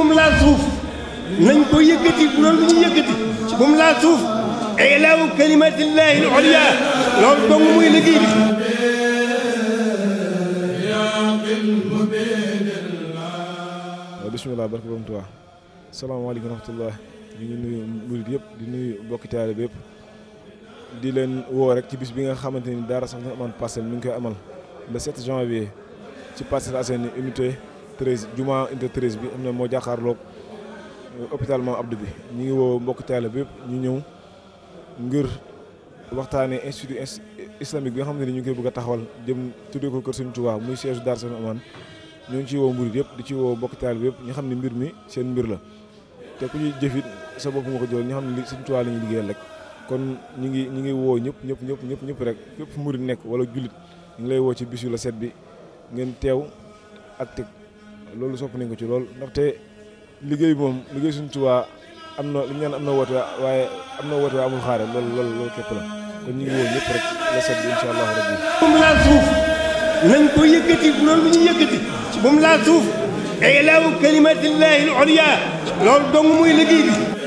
bu mu laal suuf nañ ko yëkkati bu doon ñu yëkkati bu mu laal suuf ilaawu kalimatillahi al-ulya loolu dong muy liggéey bi bismillah barke borom Tuubaa salaamaaleykum wa rahmatullah ñu ngi nuyu yëpp di nuy bokki taalibe yëpp di leen woo rek ci bis bi nga xamante ni daara sax na amal Parcelles mi ngi koy amal le 7 janvier ci Parcelles Assainies unité treize juma unité treize bi am na moo jàkkaarloog euh, hôpital Mame Abdou bi ñu ngi woo mbokk taale bi yëpp ñu ñëw ngir waxtaane institut islamique bi nga xam ne ni ñu koy bëgg a taxawal jëm tuddee ko kër Sëriñ Tuubaa muy siège Darou Salam Oman ñu ngi ci woo murid yëpp di ci woo mbokk taale bi yëpp ñu xam ne mbir mi seen mbir la te ku ñuy jëfit sa bopp moo ko jël ñu xam ne Sëriñ Tuubaa la ñuy liggéeyal rek kon ñu ngi ñu ngi woo ñëpp ñëpp ñëpp ñëpp ñëpp rek fépp murid nekk wala jullit ñu ngi lay woo ci bisu la set bi ngeen teew loolu sopp nañ ko ci lool ndaxte liggéey moom liggéey suñ Tuubaa am na li ñu am na woote waaye am na woote loolu loolu loolu képp la kon ñu ngi woo ñëpp rek la set bi incha allahu rabbi bu mu laal suuf nañ ko yëkkati loolu bu ñu yëkkati bu suuf ilaahu kalimatillahi al ulya loolu dong muy